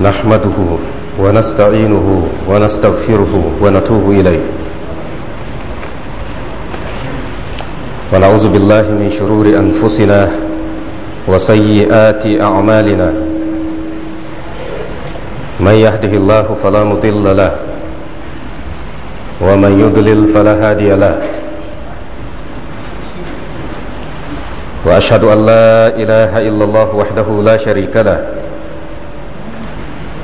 نحمده ونستعينه ونستغفره ونتوب إليه ونعوذ بالله من شرور أنفسنا وسيئات أعمالنا من يهده الله فلا مضل له ومن يضلل فلا هادي له وأشهد أن لا إله إلا الله وحده لا شريك له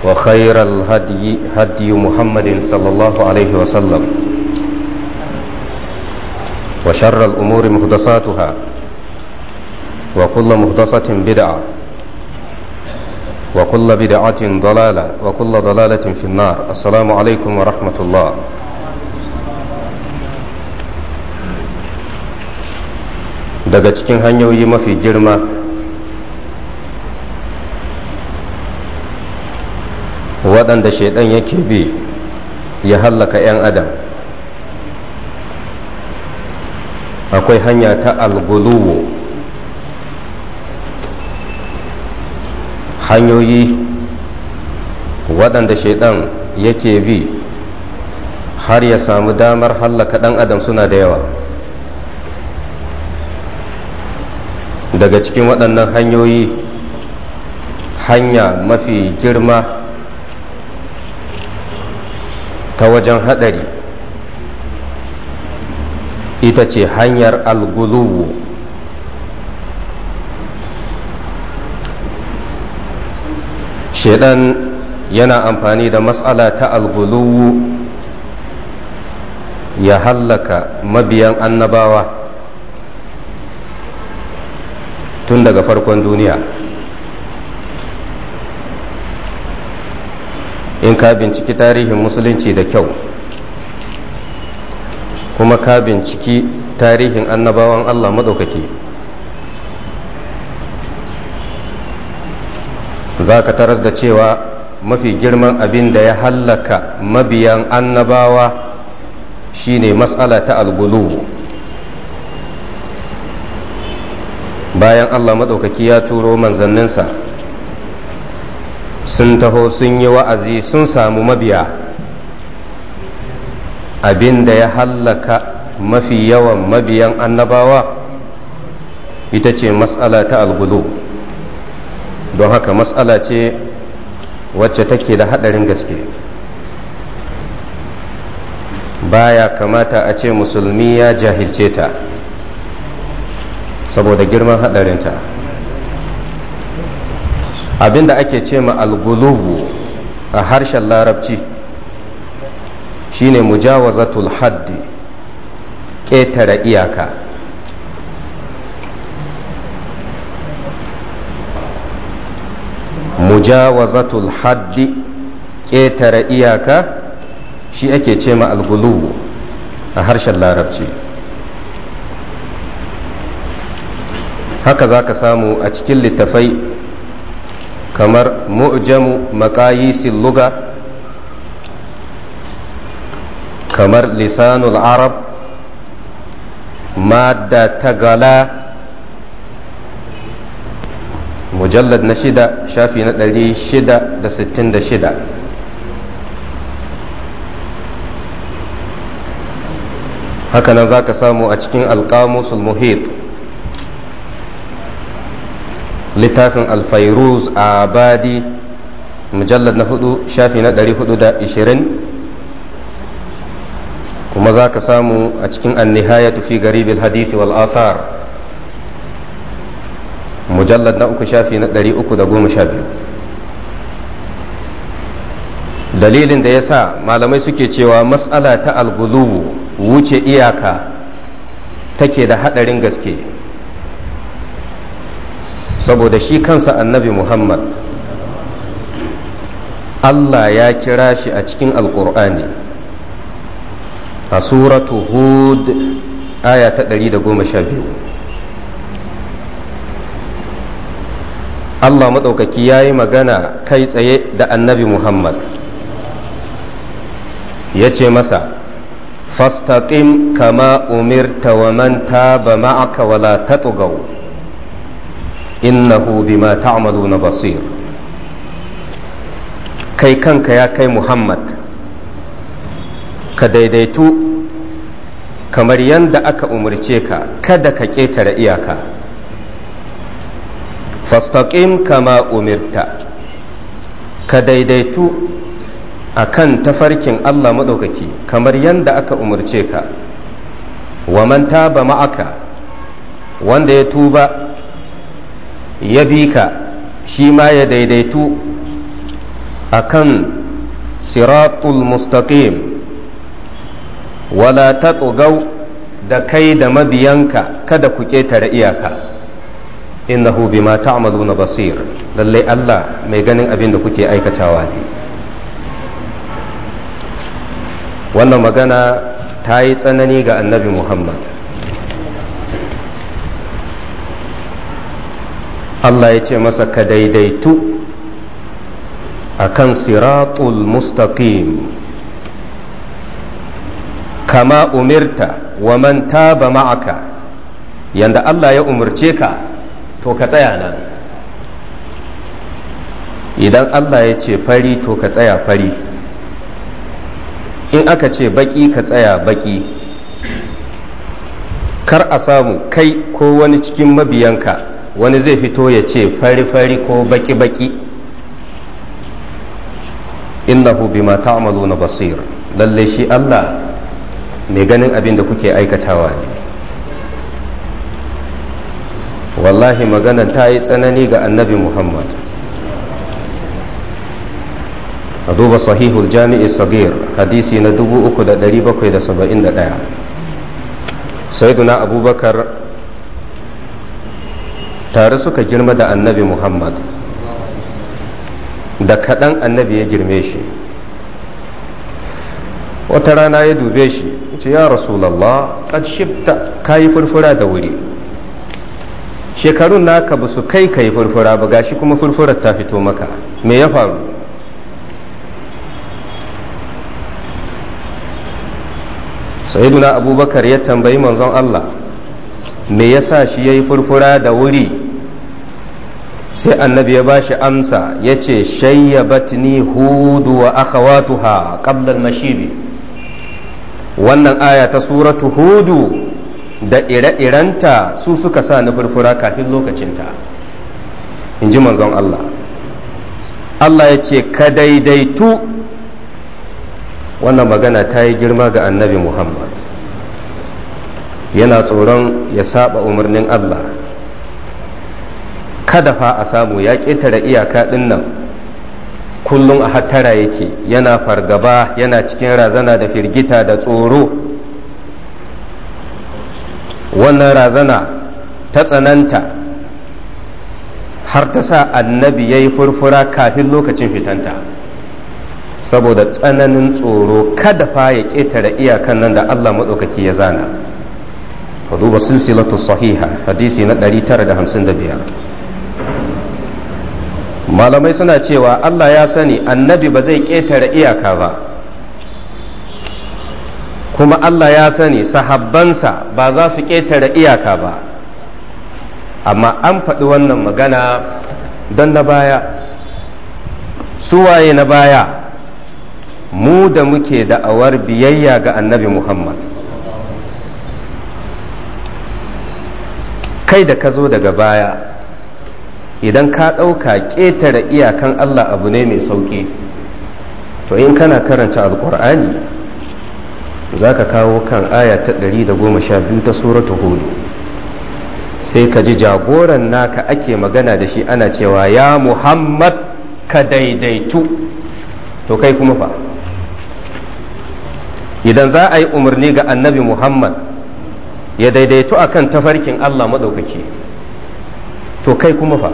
وخير الهدي هدي محمد صلى الله عليه وسلم وشر الأمور محدثاتها وكل محدثة بدعة وكل بدعة ضلالة وكل ضلالة في النار السلام عليكم ورحمة الله daga cikin hanyoyi mafi girma waɗanda shaidan yake bi ya hallaka 'yan adam akwai hanya ta alguluwo hanyoyi waɗanda shaidan yake bi har ya samu damar hallaka ɗan adam suna da yawa daga cikin waɗannan hanyoyi hanya mafi girma ta wajen haɗari ita ce hanyar alguluwu shaidan yana amfani da matsala ta alguluwu ya hallaka mabiyan annabawa tun daga farkon duniya in ka binciki tarihin musulunci da kyau kuma ka binciki tarihin annabawan allah maɗaukaki za ka taras da cewa mafi girman abin da ya hallaka mabiyan annabawa shine matsala ta algulu bayan allah maɗaukaki ya turo manzanninsa sun taho sun yi wa'azi sun samu mabiya abin da ya hallaka mafi yawan mabiyan annabawa ita ce matsala ta algulu don haka matsala ce wacce take da haɗarin gaske baya kamata a ce musulmi ya jahilce ta saboda girman haɗarinta abinda ake ce ma algulubu a harshen larabci shine mujawazatul haddi ƙetare iyaka mujawazatul haddi ƙetare iyaka shi ake ce ma algulubu a harshen larabci haka za ka samu a cikin littafai kamar mu'jamu maqayisil luga kamar lisanul arab madda ta gala mujallad na shida shafi na ɗari shida da sittin da shida hakanan za ka samu a cikin alƙamusul muhit littafin alfairuz a badi mujallar na hudu shafi na 420 kuma za ka samu a cikin tufi fi bil hadisi wal athar mujallar na uku shafi na 312 dalilin da ya sa malamai suke cewa matsala ta algulubu wuce iyaka take da haɗarin gaske saboda shi kansa annabi muhammad allah ya kira shi a cikin alkur'ani a suratu hud aya ta 112 Allah maɗaukaki ya yi magana kai tsaye da annabi Muhammad ya ce masa fastaqim kama umirta wa man taba ma'aka wala tatugau innahu bima na basir kai kanka ya kai muhammad ka daidaitu kamar yadda aka umarce ka kada ka ƙetare iyaka fastaqim kama umirta ka daidaitu a kan tafarkin allah maɗaukaki kamar yadda aka umarce ka wa man taba ma'aka wanda ya tuba ya bi ka shi ma ya daidaitu a kan siratul mustaqim wala ta tsogau da kai da mabiyanka kada ku ƙetare iyaka innahu bima ta'maluna basir lallai Allah mai ganin abin da kuke aikatawa ne wannan magana ta yi tsanani ga annabi Muhammad Allah ya ce masa ka daidaitu a kan siratul mustaqim kama umirta wa man taba ma'aka yadda Allah ya umarce ka to ka tsaya nan idan Allah ya ce fari to ka tsaya fari in aka ce baki ka tsaya baki kar a samu kai ko wani cikin mabiyanka wani zai fito ya ce fari-fari ko baki-baki innahu bima na basir lalle shi Allah mai ganin abin da kuke aikatawa ne wallahi magana ta yi tsanani ga annabi muhammad a duba sahihul jami'i sagir hadisi na 3771 saiduna abubakar tare suka girma da annabi muhammad da kaɗan annabi ya girme shi wata rana ya dube shi ce ya rasulallah kad shifta ka yi furfura da wuri shekarun naka ba su kai ka yi furfura ba gashi kuma furfurar ta fito maka me ya faru sayiduna abubakar ya tambayi manzon allah me yasa shi ya yi furfura da wuri sai annabi ya ba shi amsa ya ce shayyabatni hudu wa akhawatuha qabla mashibi wannan aya ta suratu hudu da ire-irenta su suka sa ni furfura kafin lokacinta in ji manzon Allah Allah ya ce ka daidaitu wannan magana ta yi girma ga annabi Muhammad yana tsoron ya saba umarnin Allah kada fa a samu ya ƙetare iyaka ɗin nan kullum a hattara yake yana fargaba yana cikin razana da firgita da tsoro wannan razana ta tsananta har ta sa annabi ya yi furfura kafin lokacin fitanta saboda tsananin tsoro kada fa ya ƙetare iyakan nan da allah maɗaukaki ya zana ka duba silsilatu sahiha hadisi na ɗari tara da 955 malamai suna cewa Allah ya sani annabi ba zai ƙetare iyaka ba kuma Allah ya sani sahabbansa ba za su ƙetare iyaka ba amma an faɗi wannan magana don na baya suwaye na baya mu da muke da'awar biyayya ga annabi muhammad kai da ka zo daga baya idan ka ɗauka ƙetare iyakan allah abu ne mai sauƙi to in kana karanta alƙur'ani za ka kawo kan aya ta 112 ta suratu hudu sai ka ji jagoran naka ake magana da shi ana cewa ya muhammad ka daidaitu to kai kuma fa idan za a yi umarni ga annabi muhammad ya daidaito kan tafarkin Allah maɗaukaki to kai kuma fa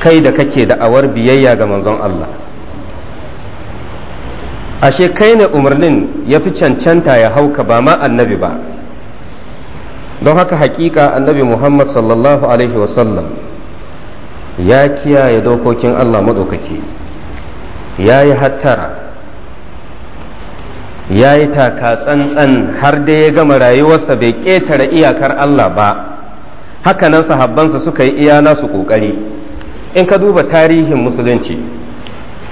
kai da kake da'awar biyayya ga manzon Allah ashe kai ne umarnin ya fi cancanta ya hauka ba ma annabi ba don haka hakika annabi muhammad sallallahu alaihi wasallam ya kiyaye dokokin Allah maɗaukaki ya yi hattara ya yi taka tsantsan har dai ya gama rayuwarsa bai ƙetare iyakar Allah ba hakanan sahabbansa suka yi iya nasu ƙoƙari in ka duba tarihin musulunci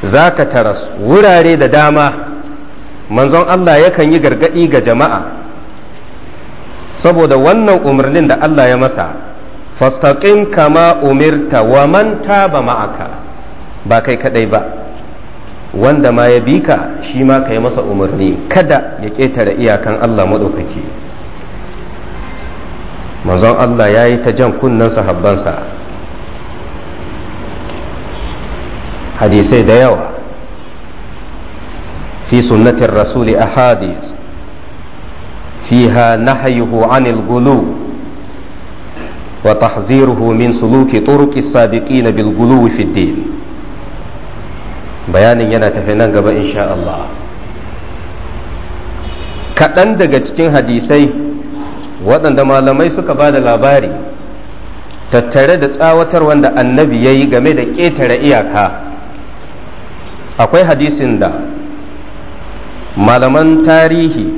za ka tara wurare da dama manzon Allah yakan yi gargaɗi ga jama'a saboda wannan umarnin da Allah ya masa fastaƙin kama umirta wa man taba ma'aka ba kai kaɗai ba wanda ma ya bi ka shi ma ka yi masa umarni kada ya ƙetare iyakan Allah maɗaukaki manzon Allah ya yi ta jan kunnen sahabbansa hadisai da yawa fi sunnatin rasuli a hadis fiha nahayuhu anil gulu wa tahziruhu min suluki turuki sabiqina bil gulu bayanin yana tafi nan gaba insha Allah kaɗan daga cikin hadisai waɗanda malamai suka ba da labari tattare da tsawatar wanda annabi ya yi game da ƙetare iyaka akwai hadisin da malaman tarihi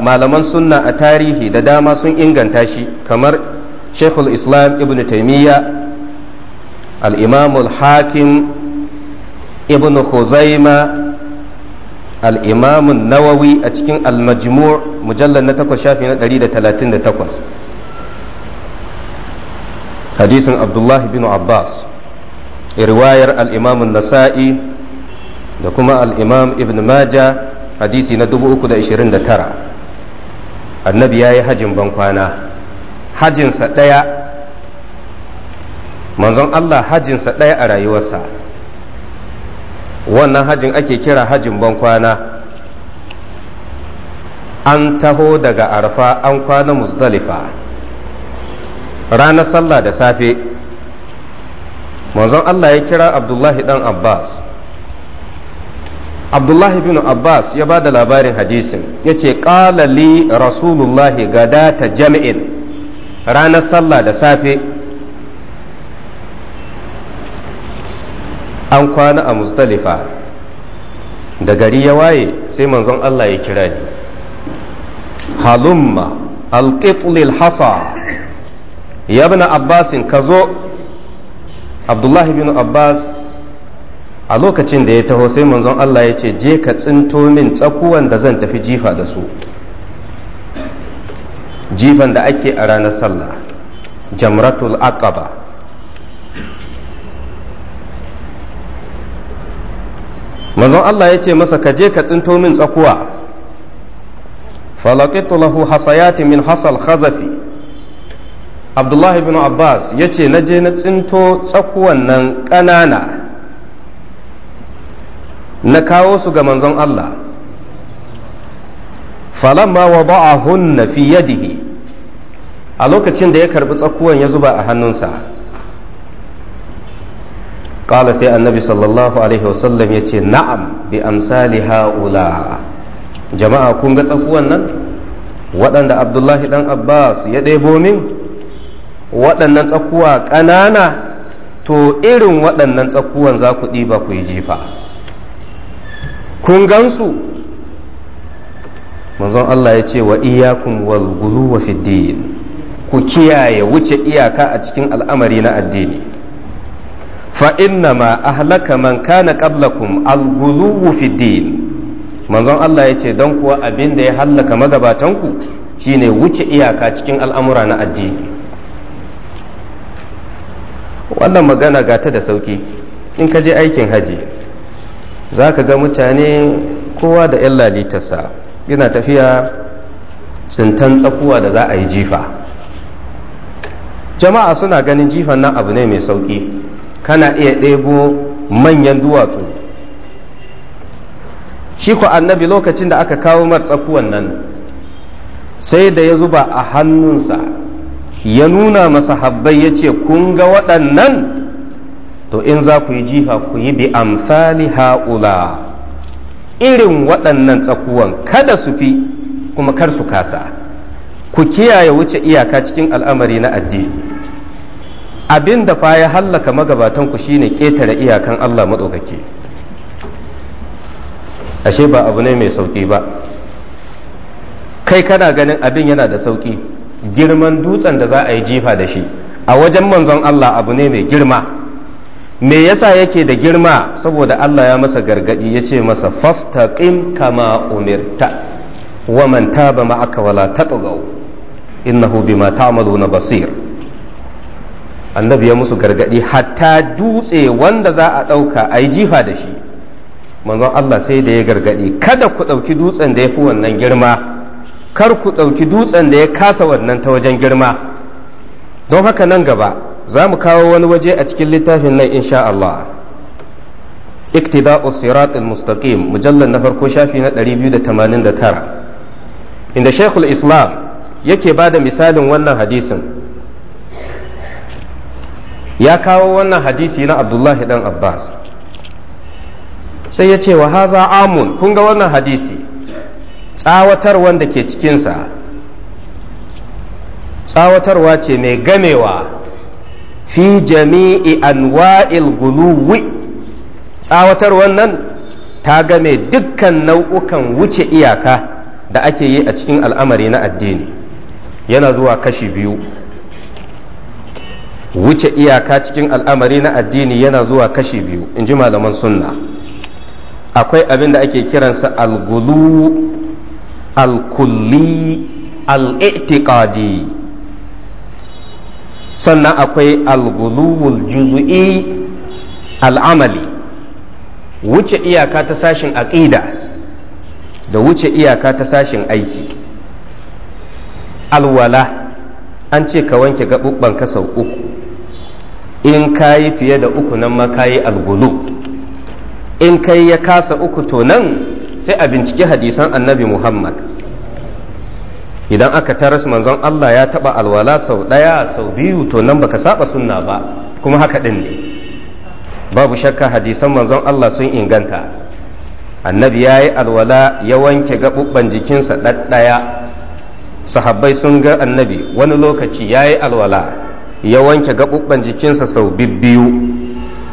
malaman sunna a tarihi da dama sun inganta shi kamar shekul islam ibn taimiyya al-imamul hakim ibn khuzaima al'imamun nawawi a cikin al-majmu' mujallar na takwas shafi na 138 hadisin abdullahi bin abbas riwayar al'imamun nasa'i da kuma al'imam ibn maja hadisi na 329 annabi ya yi hajjin bankwana hajjinsa ɗaya manzon allah hajjinsa ɗaya a rayuwarsa wannan hajin ake kira hajin bankwana an taho daga arfa an kwana musdalifa. ranar sallah da safe manzon allah ya kira abdullahi dan abbas abdullahi bin abbas ya ba da labarin hadisin ya ce ƙalali rasulullahi gada ta jami'in ranar sallah da safe an kwana a muzdalifa da gari ya waye sai manzon Allah ya kira ni halumma alƙitlil hasa ya bin abbasin ka zo abdullahi bin abbas a lokacin da ya taho sai manzon Allah ya ce je ka tsinto min tsakuwan da zan tafi jifa da su jifan da ake a ranar sallah jamratul aqaba manzon Allah ya ce masa ka je ka tsinto min tsakuwa falaqitu lahu hasayati min hasal khazafi abdullah ibn abbas ya ce na je na tsinto tsakuwan nan ƙanana na kawo su ga manzon Allah falamma wada'ahunna fi yadihi a lokacin da ya karbi tsakuwan ya zuba a hannunsa Kala sai annabi sallallahu alaihi wasallam ya ce na'am bi amsali ha'ula jama'a kun ga tsakuwan nan waɗanda abdullahi ɗan abbas ya ɗebo min waɗannan tsakuwa ƙanana to irin waɗannan tsakuwan za ku ɗiba ku yi jifa kun gansu manzon Allah ya ce wa iyakun wal gulu wa fiddin ku kiyaye wuce iyaka a cikin al'amari na addini fa ma ahlaka man kana qablakum al fi manzon Allah yace ce don kuwa abin da ya hallaka magabatanku shine wuce iyaka cikin al'amura na addini wannan magana gata da sauki in ka je aikin haji za ka ga mutane kowa da 'yan lalitarsa yana tafiya tsintan tsakuwa da za a yi jifa jama'a suna ganin jifan nan abu ne mai sauki kana iya ɗebo manyan duwatsu shi ko annabi lokacin da aka kawo mar tsakuwan nan sai da ya zuba a hannunsa ya nuna masa habbai ya ce kun ga waɗannan to in za ku yi jiha ku yi bi amsali ha'ula irin waɗannan tsakuwan kada su fi kuma kar su kasa ku kiyaye wuce iyaka cikin al'amari na addini abin da fa ya hallaka magabatan ku shine ƙetare iyakan Allah maɗaukaki ashe ba abu ne mai sauƙi ba kai kana ganin abin yana da sauƙi girman dutsen da za a yi jifa da shi a wajen manzon Allah abu ne mai girma me yasa yake da girma saboda Allah ya masa gargadi ya ce masa fastaqim kama umirta wa man taba ma'aka wala tatghaw innahu bima ta'maluna basir annabi ya musu gargadi hatta dutse wanda za a ɗauka a yi jifa da shi manzon Allah sai da ya gargadi kada ku ɗauki dutsen da ya fi wannan girma kar ku ɗauki dutsen da ya kasa wannan ta wajen girma don haka nan gaba za mu kawo wani waje a cikin littafin nan insha Allah iktida'u siratul mustaqim mujallar na farko shafi na 289 inda shaykhul islam yake bada misalin wannan hadisin ya kawo wannan hadisi na abdullahi dan abbas sai ya ce wa haza amun kun ga wannan hadisi tsawatar wanda ke cikinsa tsawatarwa ce mai gamewa fi jami'i anwa'il guluwi tsawatar wannan ta game dukkan nau'ukan wuce iyaka da ake yi a cikin al'amari na addini yana zuwa kashi biyu wuce iyaka cikin al'amari na addini yana zuwa kashi biyu in ji malaman sunna akwai abin da ake kiransa al-kulli al-i'tiqadi sannan akwai juz'i juzu'i al'amali wuce iyaka ta sashin aƙida da wuce iyaka ta sashin aiki alwala an ce ka wanke gaɓuɓɓanka sau uku in ka yi fiye da uku nan ma ka yi algulu in kai ya kasa uku to nan sai a binciki hadisan annabi muhammad idan aka taras manzon Allah ya taba alwala sau ɗaya sau biyu to nan baka saba sunna ba kuma haka din ne babu shakka hadisan manzon Allah sun inganta annabi ya yi alwala ya wanke gaɓuɓɓen jikinsa ɗaya. sahabbai sun ga annabi wani lokaci ya yi alwala ya wanke gaɓuɓɓen jikinsa sau bibbiyu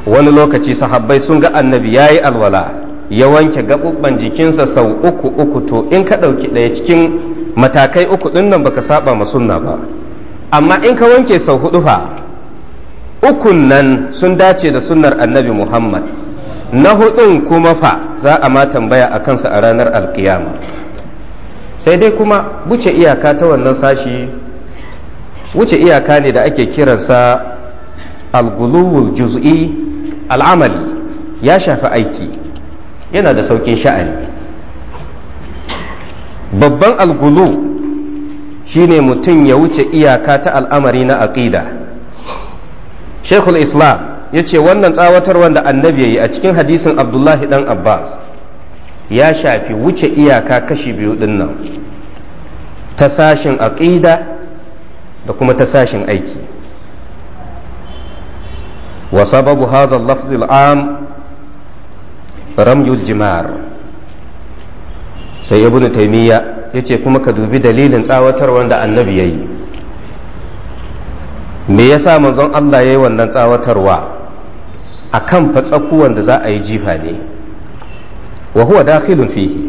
wani lokaci sahabbai sun ga annabi ya yi alwala ya wanke gaɓuɓɓen jikinsa sau uku uku to in ka ɗauki ɗaya cikin matakai uku ɗin nan baka saba ma sunna ba amma in ka wanke sau hudu fa ukun nan sun dace da sunnar annabi muhammad na hudun kuma fa za a ma tambaya a kansa a ranar alkiyama sai dai kuma buce iyaka ta wannan sashi wuce iyaka ne da ake kiransa alguluwul juz'i al'amali ya shafi aiki yana da saukin sha'ani babban algulu shine mutum ya wuce iyaka ta al'amari na aƙida shekul islam ya ce wannan tsawatar wanda annabi yayi yi a cikin hadisin abdullahi dan abbas ya shafi wuce iyaka kashi biyu dinnan ta sashin aƙida da kuma ta sashin aiki wa sababu hadha lafzi al’am am ramyul jimar sai ibn taymiya yace kuma ka dubi dalilin tsawatar wanda annabi yayi me yasa manzon Allah yayi wannan tsawatarwa akan fatsakuwan da za a yi jifa ne wa huwa dakhilun fihi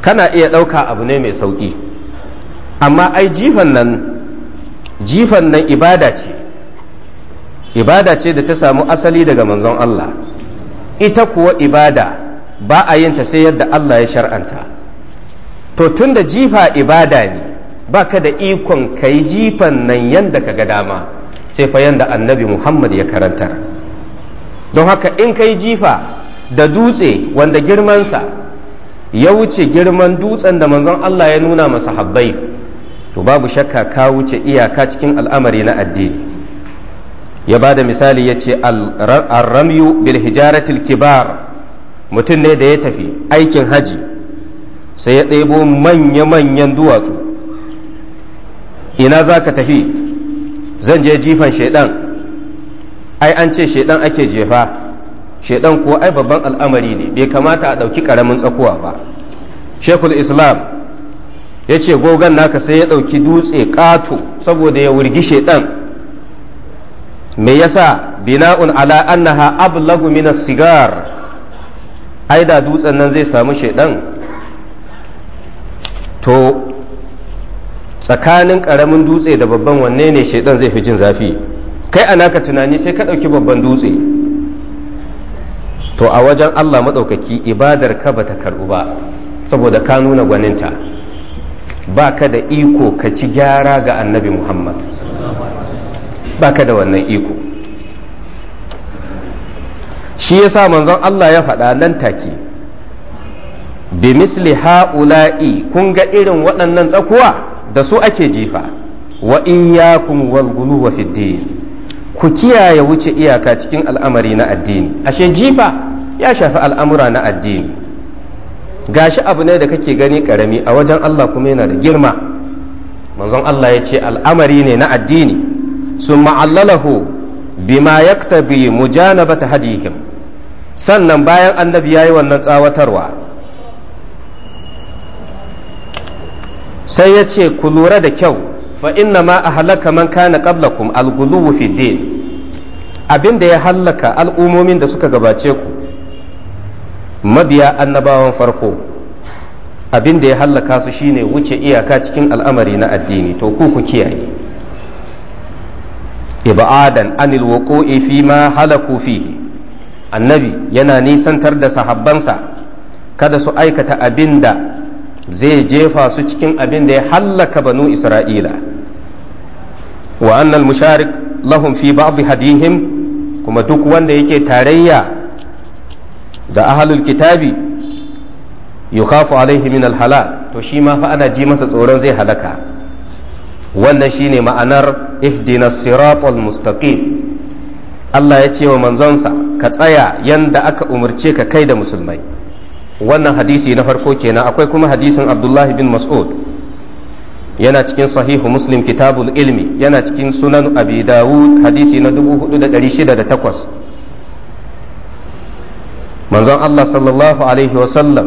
kana iya ɗauka abu ne mai sauƙi amma ai jifan nan jifan nan ibada ce ibada ce da ta samu asali daga manzon Allah ita kuwa ibada ba a yin ta sai yadda Allah ya shar'anta to tun da jifa ibada ne ba ka da ikon ka yi jifan nan yadda ka ga dama sai fa yadda annabi Muhammad ya karantar don haka in ka yi jifa da dutse wanda girmansa ya wuce girman dutsen da manzon Allah ya nuna masa habbai to babu shakka ka wuce iyaka cikin al'amari na addini ya ba da misali ya ce arramyu bil hijaratil kibar mutum ne da ya tafi aikin haji sai ya ɗebo manya-manyan duwatsu ina za ka tafi zan je jifan shaidan ai an ce shaidan ake jefa shaidan kuwa ai babban al'amari ne bai kamata a ɗauki ƙaramin tsakuwa ba shekul islam ya ce gogon naka sai ya ɗauki dutse ƙato saboda ya wurgi shaiɗan me yasa bina'un ala annaha ablagu min sigar ai da dutsen nan zai samu shaiɗan to tsakanin ƙaramin dutse da babban wanne ne shaiɗan zai fi jin zafi kai a naka tunani sai ka ɗauki babban dutse to a wajen allah maɗaukaki ibadar ka ba ta karɓu ba saboda ka nuna gwaninta ba ka da iko ka ci gyara ga annabi muhammad ba ka da wannan iko shi ya sa manzon allah ya faɗa nan take bi misli ha'ula'i kun ga irin waɗannan tsakuwa da su ake jifa wa iyyakum Walgulu wa fid ku kiyaye wuce iyaka cikin al'amari na addini ashe jifa ya shafi al'amura na addini gashi abu ne da kake gani karami a wajen Allah kuma yana da girma manzon Allah ya ce al'amari ne na addini sun ma'allalahu bima yaktabi mujanabata hadihim sannan bayan annabi ya yi wannan tsawatarwa sai ya ce ku lura da kyau fa inna ma a halaka man kana qablakum al-ghuluwu fi din abinda ya halaka al'umomin da suka gabace ku mabiya annabawan farko abin da ya hallaka su shine wuce iyaka cikin al'amari na addini to ku ku kiyaye iba'adan anil wuqu'i fi ma halaku fihi annabi yana nisantar da sahabbansa kada su aikata abin da zai jefa su cikin abin da ya hallaka banu isra'ila wa annal musharik lahum fi ba'd hadihim kuma duk wanda yake tarayya da ahalul kitabi yukhafu alaihi min alhalal to shi ma fa ana ji masa tsoron zai halaka wannan shine ma'anar ihdina siratal mustaqim Allah ya ce wa manzonsa ka tsaya yanda aka umarce ka kai da musulmai wannan hadisi na farko kenan akwai kuma hadisin Abdullahi bin Mas'ud yana cikin sahihu muslim kitabul ilmi yana cikin sunan abi dawud hadisi na 4608 manzon Allah sallallahu alaihi halakar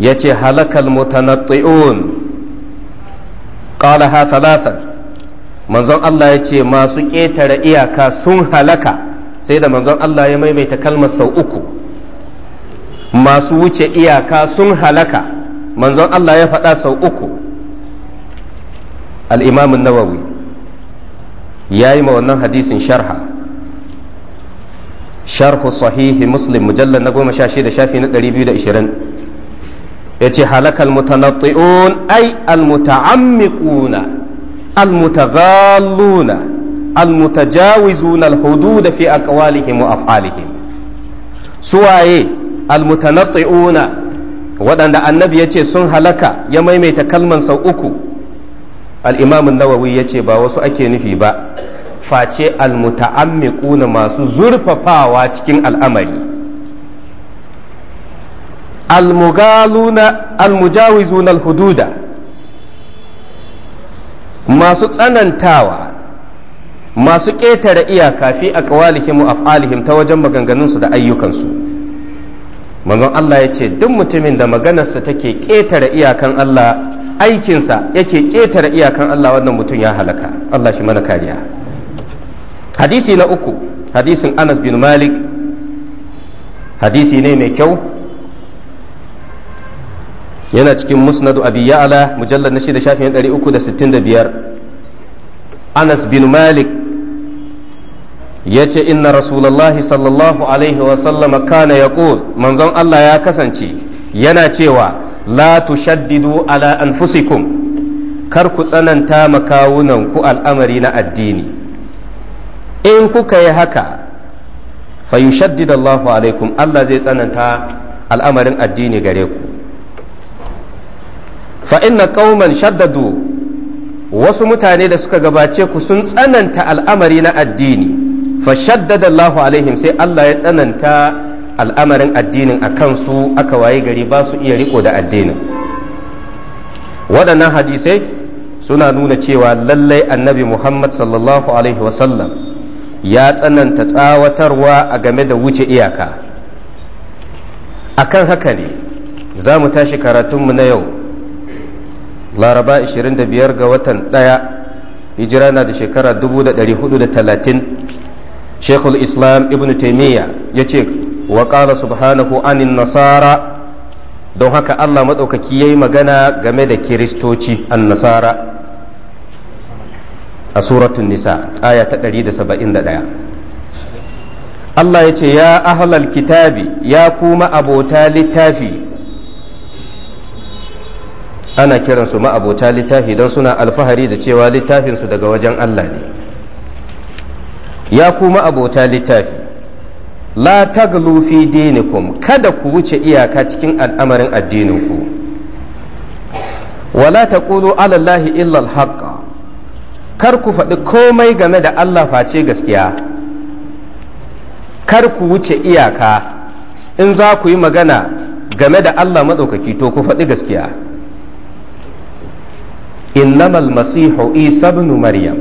ya ce halakal mutanatti'un qalaha thalathan manzon Allah yace masu ƙetare iyaka sun halaka sai da manzon Allah ya maimaita kalmar sau uku masu wuce iyaka sun halaka manzon Allah ya faɗa sau uku Al'imamin imam nawawi ya yi ma wannan hadisin sharha sharhu sahihi muslim mujallar na goma sha shida shafi na ɗari biyu da ishirin ya ce halakal mutanatti'un ai almuta'ammiquna almutaghalluna almutajawizuna alhudud fi aqwalihim wa af'alihim suwaye almutanatti'una waɗanda annabi ya ce sun halaka ya maimaita kalman sau uku al-imam an-nawawi ya ce ba wasu ake nufi ba face almuta'ammiquna masu zurfafawa cikin al'amari almugaluna almujawizuna alhududa masu tsanantawa masu ƙetare iyaka fi a ƙawalihim af'alihim ta wajen maganganunsu da ayyukansu manzon Allah ya ce duk mutumin da maganarsa take ƙetare iyakan Allah aikinsa yake ƙetare iyakan Allah wannan mutum ya halaka Allah shi mana kariya hadisi na uku hadisin anas bin malik hadisi ne mai kyau yana cikin musnadu abi ya'ala mujallar na shida shafin 365 anas bin malik ya ce inna rasulallahi sallallahu alaihi wasallama kana ya manzon allah ya kasance yana cewa la tushaddidu ala anfusikum kar ku tsananta makawunanku al'amari na addini in kuka yi haka fa yushaddidallahu alaikum Allah zai tsananta al'amarin addini gare ku fa inna shaddadu wasu mutane da suka gabace ku sun tsananta al'amari na addini fa shaddadallahu alaihim sai Allah ya tsananta al'amarin addinin a kansu aka waye gari ba su iya riko da addinin waɗannan hadisai suna nuna cewa lallai annabi muhammad sallallahu alaihi wasallam ya tsananta tsawatarwa a game da wuce iyaka a kan haka ne za mu tashi karatunmu na yau laraba 25 ga watan ɗaya hijira na da shekara talatin shekul islam ibn taimiyya ya ce wa ƙala subhanahu anin nasara don haka allah maɗaukaki ya yi magana game da kiristoci an nasara a suratun nisa aya ta 171 Allah ya ce ya ahlal kitabi ya kuma abota littafi ana kiransu ma'abota littafi don suna alfahari da cewa littafinsu daga wajen Allah ne ya kuma abota littafi la taglu fi dinikum kada ku wuce iyaka cikin al'amarin addininku wala taqulu ala Allahi illa al kar ku faɗi komai game da Allah face gaskiya kar ku wuce iyaka in za ku yi magana game da Allah maɗaukaki to ku faɗi gaskiya innamal masihu isa maryam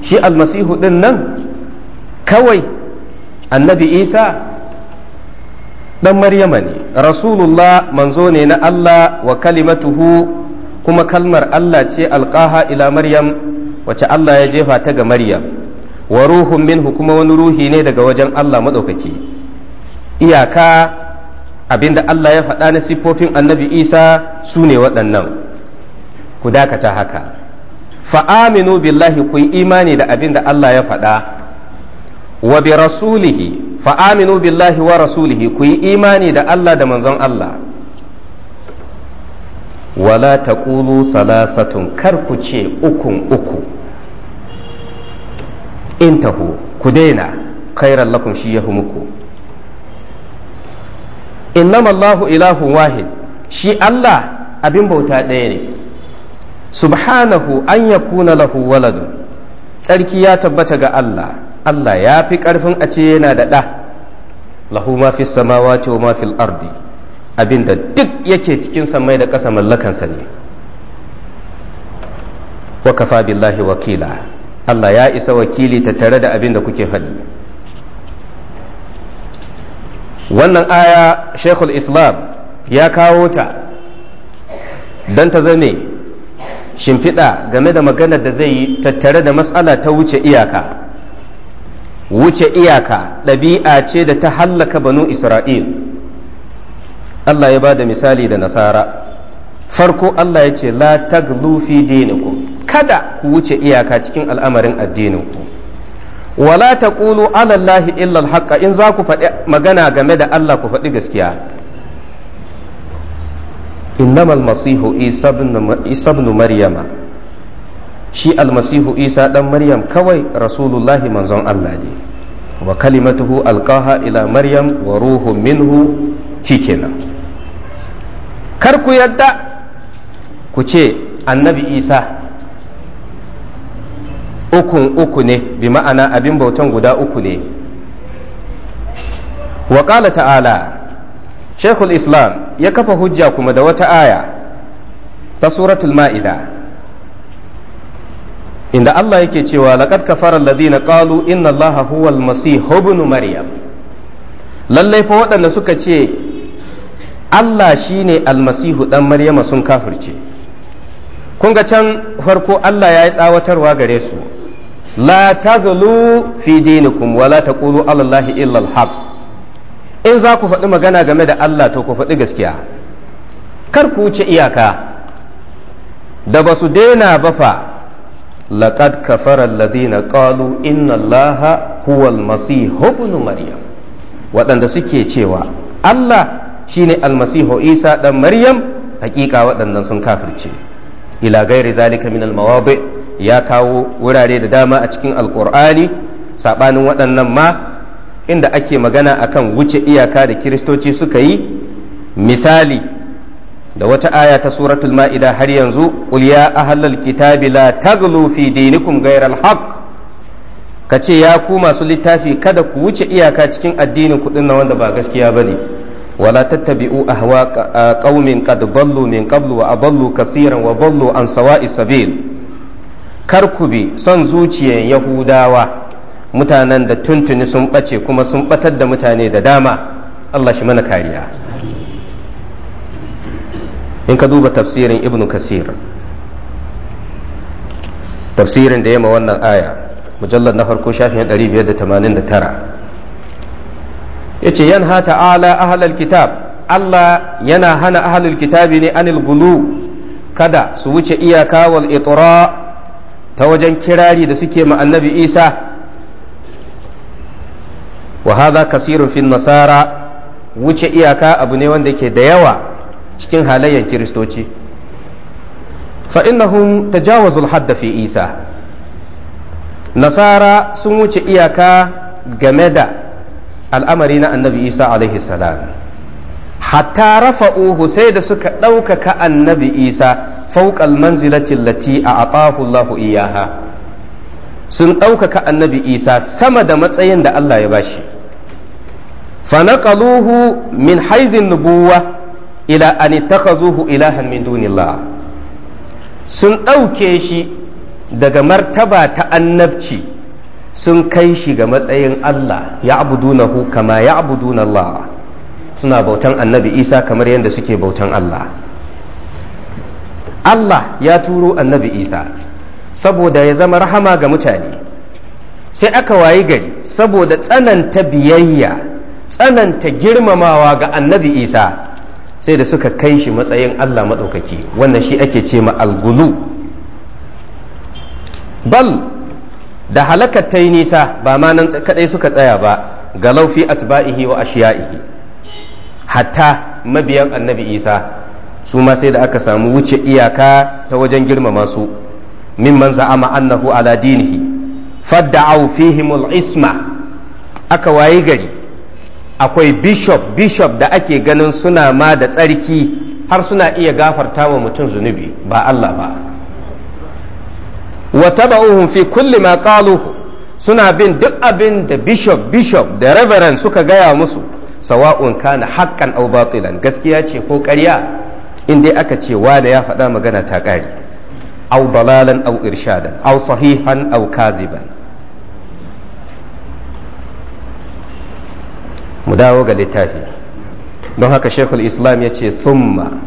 shi almasihu ɗin nan kawai annabi isa ɗan maryama ne rasulullah manzo ne na Allah wa kalimatuhu kuma kalmar Allah ce alƙaha ila maryam wacce Allah ya jefa ta ga Maryam wa ruhun minhu kuma wani ruhi ne daga wajen Allah maɗaukaki iyaka abinda Allah ya faɗa na siffofin annabi Isa su ne waɗannan ku dakata haka fa'aminu billahi ku yi imani da abinda Allah ya faɗa wa bi rasulihi fa'aminu billahi wa rasulihi ku yi imani da Allah da manzon Allah wala taqulu salasatun kar ku ce ukun uku intahu ku daina khairan lakum shi yahu muku innama Allahu ilahu wahid shi Allah abin bauta ɗaya ne subhanahu an kuna lahu waladu tsarki ya tabbata ga Allah Allah ya fi ƙarfin a ce yana da ɗa lahu ma fi samawati wa ma fil ardi abinda duk yake cikin samai da ƙasa mallakansa ne wa kafa billahi wakila Allah ya isa wakili ta tare da abin da kuke faɗi wannan aya shekul islam ya kawo ta don ta zame shimfiɗa game da maganar da zai yi tattare da matsala ta wuce iyaka wuce iyaka ɗabi'a ce da ta hallaka banu isra'il Allah ya ba da misali da nasara farko Allah ya ce la taglu fi diniku kada ku wuce iyaka cikin al'amarin addininku wala taqulu ala Allahi illa al in za ku faɗi magana game da Allah ku faɗi gaskiya innama almasihu isa ibn maryama shi almasihu isa dan maryam kawai rasulullahi manzon Allah ne wa kalimatuhu alqaha ila maryam wa ruhu minhu shikenan kar ku yadda ku ce annabi isa ukun uku ne bi ma'ana abin bautan guda uku ne wa ta'ala shekul islam ya kafa hujja kuma da wata aya ta suratul ma'ida inda Allah yake cewa laqad kafara alladhina qalu inna allaha huwal masih ibn maryam lallai fa waɗanda suka ce Allah shi ne almasihu ɗan maryama sun kafirce kun ga can farko Allah ya yi tsawatarwa gare su la taglu fi dinikum wa la taqulu hak. in za ku faɗi magana game da Allah to ku faɗi gaskiya kar ku wuce iyaka da ba su daina ba fa laqad kafara alladhina qalu inna allaha huwal masihu ibn maryam waɗanda suke cewa Allah shine almasihu isa dan maryam hakika waɗannan sun kafirce ila gairi zalika min almawadi ya kawo wurare da dama a cikin alqur'ani sabanin waɗannan ma inda ake magana akan wuce iyaka da kiristoci suka yi misali da wata aya ta suratul ma'ida har yanzu qul ya ahlal kitabi la taglu fi dinikum ghayral haqq kace ya ku masu littafi kada ku wuce iyaka cikin addinin kudin na wanda ba gaskiya bane ولا تتبعوا أهواء a قد ضلوا من قبل وأضلوا كثيرا وضلوا عن سواء السبيل كركبي son zuciyan yahudawa mutanen da tuntuni sun bace kuma sun batar da mutane da dama Allah shi mana kariya in ka duba tafsirin ibnu kasir tafsirin da yama wannan aya mujallar na farko shafin 589 yace yanha ta'ala ahlal kitab Allah yana hana ahlul kitabi ne anil gulu kada su wuce iyaka wal itra ta wajen kirari da suke ma annabi Isa wa hadha kasirun fin nasara wuce iyaka abu ne wanda ke da yawa cikin halayyar kiristoci fa innahum tajawazul hadda fi Isa nasara sun wuce iyaka game da al'amari na annabi isa alaihi salam hatta rafa'uhu sai da suka ɗaukaka annabi isa fauƙal manzilatin lati a atahu Allahu iyaha sun ɗaukaka annabi isa sama da matsayin da Allah ya bashi fanaqaluhu min haizin nubuwa ila an takazuhu ilahan min dunillah sun ɗauke shi daga martaba ta annabci sun kai shi ga matsayin Allah ya abudu hu kama ya abudu na Allah suna bautan annabi isa kamar yadda suke bautan Allah Allah ya turo annabi isa saboda ya zama rahama ga mutane sai aka wayi gari saboda tsananta biyayya tsananta girmamawa ga annabi isa sai da suka kai shi matsayin Allah maɗaukaki wannan shi ake ce ma algulu bal da halakar ta yi nisa ba ma nan kadai suka tsaya ba ga laufi a tuba'ihi wa ashiya'ihi hatta mabiyan annabi isa su ma sai da aka samu wuce iyaka ta wajen girmama su man za'ama annahu ala dinihi fadda'u fihimul isma aka wayi gari akwai bishop bishop da ake ganin suna ma da tsarki har suna iya gafarta wa mutum zunubi ba Allah ba wa taba'uhum fi kulli ma kaluhu suna bin duk abin da bishop bishop da reverend suka gaya musu sawa'un kana hakan au batilan gaskiya ce ko karya in dai aka ce wa da ya faɗa magana ta ƙari au dalalan au irshadan au sahihan aw kaziban mu dawo ga littafi don haka shekul islam ya ce thumma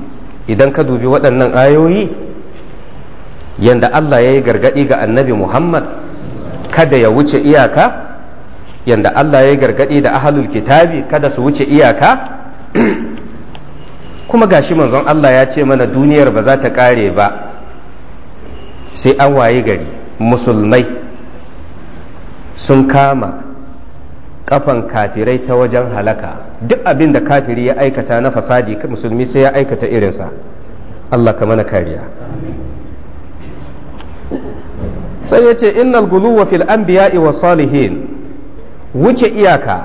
idan ka dubi waɗannan ayoyi yanda Allah ya yi gargaɗi ga annabi Muhammad kada ya wuce iyaka yanda Allah ya yi gargaɗi da ahalul kitabi kada su wuce iyaka kuma gashi manzon Allah ya ce mana duniyar ba za ta ƙare ba sai an waye gari musulmai sun kama ƙafan kafirai ta wajen halaka duk abin da kafiri ya aikata na fasadi musulmi sai ya aikata irinsa Allah ka mana kariya sai ya ce innal guluwa fil anbiya'i wa salihin wuce iyaka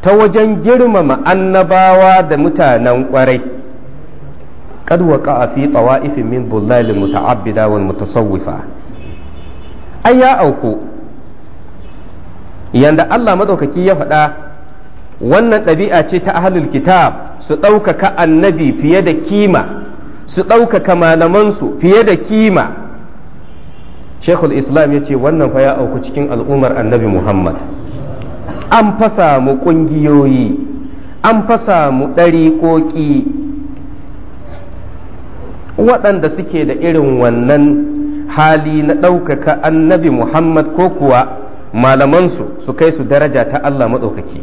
ta wajen girmama annabawa da mutanen kwarai kad waqa fi tawa'ifin min bullal muta'abbida wal mutasawwifa ai ya auku yanda Allah madaukaki ya faɗa wannan ɗabi'a ce ta ahlul kitab su ɗaukaka annabi fiye da kima su ɗaukaka malamansu fiye da kima shekul islam ya ce wannan fa ya auku cikin al'ummar annabi muhammad an fasa mu ƙungiyoyi an fasa mu ɗariƙoƙi waɗanda suke da irin wannan hali na ɗaukaka annabi muhammad ko kuwa malamansu su kai su daraja ta allah maɗaukaki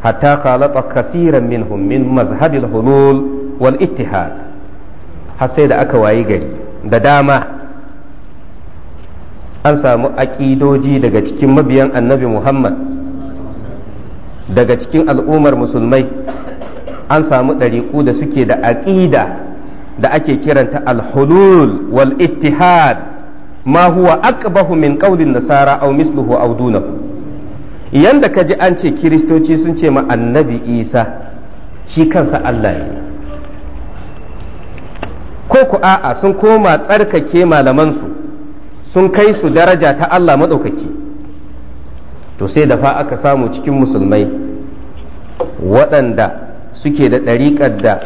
hatta khalata kasiran min min mazhabil hulul wal ittihad har sai da aka wayi gari da dama an samu aƙidoji daga cikin mabiyan annabi muhammad daga cikin al'ummar musulmai an samu ɗariƙu da suke da aƙida da ake kiranta alhulul wal ittihad ma huwa aqbahu min qawlin nasara aw misluhu aw dunahu yanda ka ji an ce kiristoci sun ce ma annabi isa shi kansa allah ne ko ku a'a sun koma tsarkake malamansu sun kai su daraja ta Allah maɗaukaki to sai da fa aka samu cikin musulmai waɗanda suke da ɗariƙar da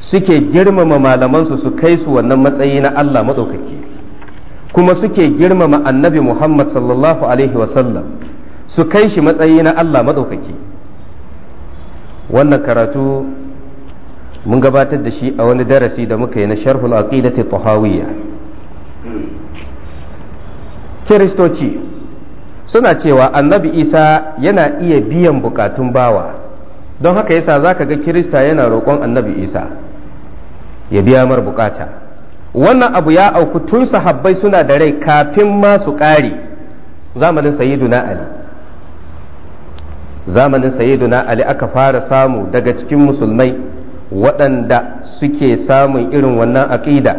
suke girmama malamansu su kai su wannan matsayi na Allah maɗaukaki kuma suke girmama annabi Muhammad sallallahu Alaihi wasallam su kai shi matsayi na Allah maɗaukaki wannan karatu mun gabatar da shi a wani darasi da muka yi na sharhul aqidati tahawiyya kiristoci suna cewa annabi isa yana iya biyan bukatun bawa don haka yasa za ka ga kirista yana roƙon annabi isa ya biya mar bukata wannan abu ya auku tun sahabbai suna da rai kafin ma su ƙare zamanin sayiduna ali zamanin ali aka fara samu daga cikin musulmai waɗanda suke samun irin wannan aƙida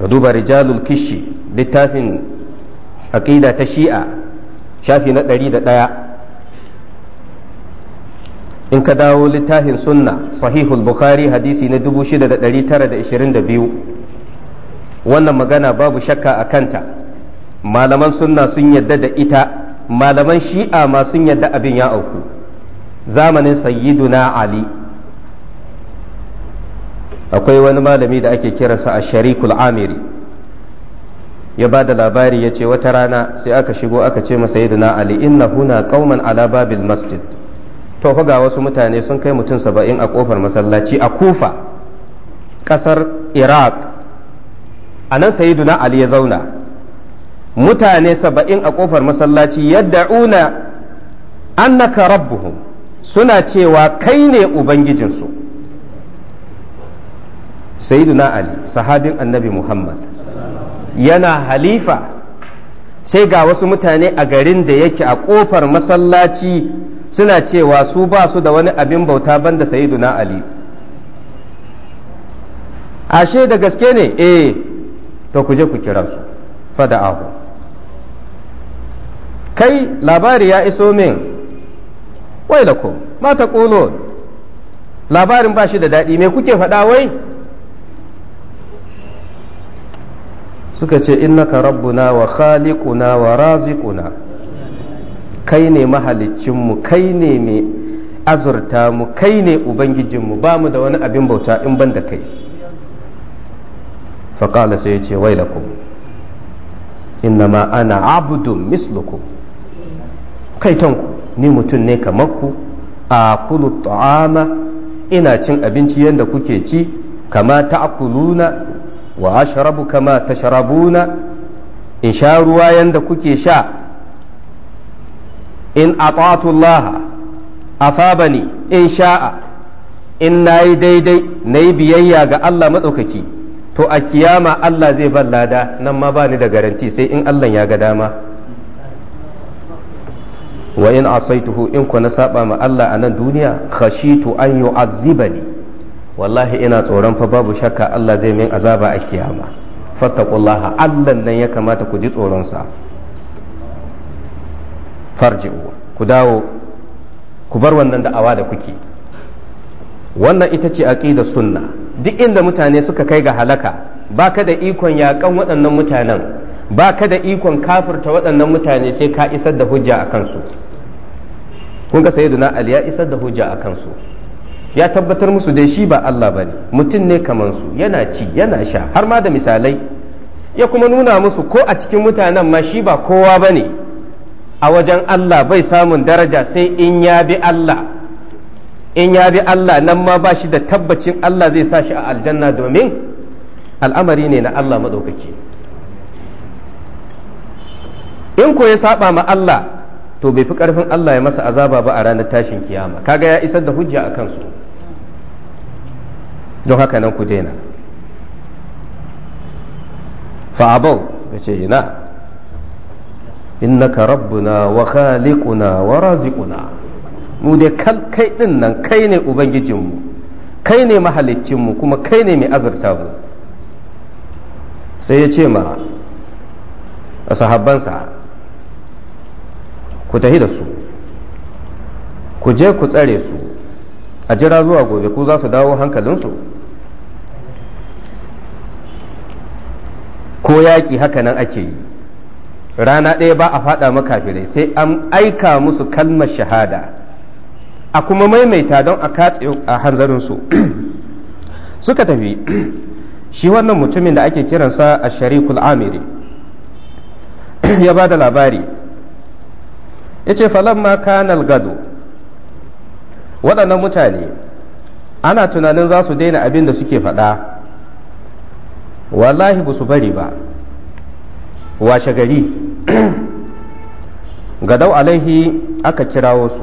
ka duba rijalul kishi littafin aƙida ta shi'a shafi na ɗari da ɗaya in ka dawo littafin sunna sahihul bukhari hadisi na 6922 wannan magana babu shakka a kanta malaman sunna sun yadda da ita malaman shi'a ma sun yadda abin ya auku zamanin Sayyidu sayyiduna ali akwai wani malami da ake kiransa a sharikul amiri ya ba da labari ya ce wata rana sai aka shigo aka ce masa yadda ali inna huna kauman ala babil masjid to ga wasu mutane sun kai mutum saba'in a kofar masallaci a kufa kasar iraq a nan sayyiduna ali ya zauna mutane saba'in a kofar masallaci yadda'una annaka rabbuhum suna cewa kai ne ubangijinsu sayyiduna ali sahabin annabi muhammad yana halifa sai ga wasu mutane a garin da yake a kofar masallaci suna cewa su ba su da wani abin bauta banda sayiduna ali ashe da gaske ne eh to ku je ku kira su ahu. kai labari ya iso min wai da ku mata labarin ba shi da daɗi me kuke faɗa wai suka ce innaka rabbuna wa khaliquna wa raziquna kai ne mahalicinmu kai ne mai azurta mu kai ne ubangijinmu ba mu da wani abin bauta in ban da kai faƙala sai ya ce wailakum innama ana abudun mislukum tanku ni mutum ne kamar ku a kulu ta'ama ina cin abinci yadda kuke ci kama takuluna wa ashrabu kama tashrabuna in sha ruwa yanda kuke sha in Allah afabani in sha'a in nayi daidai nayi biyayya ga Allah madaukaki to a kiyama Allah zai ban lada nan ma bani da garanti sai in Allah ya ga dama wa in asaituhu in ku na saba ma Allah a nan duniya khashitu an yu'azzibani wallahi ina tsoron fa babu shakka Allah zai min azaba a kiyama fattaqullaha Allah nan ya kamata ku ji tsoron sa farji'u ku dawo ku bar wannan da'awa da kuke wannan ita ce aqidar sunna duk inda mutane suka kai ga halaka baka da ikon yakan waɗannan mutanen baka da ikon kafirta waɗannan mutane sai ka isar da hujja a kansu kun ka sayyiduna ali ya isar da hujja a kansu ya tabbatar musu dai shi ba Allah ba ne. mutum ne kamar su yana ci yana sha har ma da misalai ya kuma nuna musu ko a cikin mutanen ma shi ba kowa ba ne. a wajen Allah bai samun daraja sai in ya bi Allah in ya bi Allah nan ma ba shi da tabbacin Allah zai sa shi a aljanna domin al'amari ne na Allah maɗaukaki in ko ya saba ma Allah to bai fi ƙarfin Allah ya masa azaba ba a ranar tashin kiyama kaga ya isar da hujja a kansu don haka nan ku daina fa'abau ya ce ina innaka rabbuna wa khaliquna wa raziquna mu dai kai din nan kai ne ubangijinmu kai ne mahaliccinmu kuma kai ne mai azurta mu sai ya ce ma a sahabbansa ku tahi da su ku je ku tsare su a jira zuwa gobe ko za su dawo hankalinsu ko yaƙi haka nan ake yi rana ɗaya ba a faɗa makafirai sai an aika musu kalmar shahada a kuma maimaita don a katse a hanzarinsu suka tafi shi wannan mutumin da ake kiransa a sharikul amiri ya ba da labari ya ce falamma kanal gado waɗannan mutane ana tunanin za su daina abin da suke faɗa wallahi ba su bari ba washe gari gadau alaihi aka kirawo su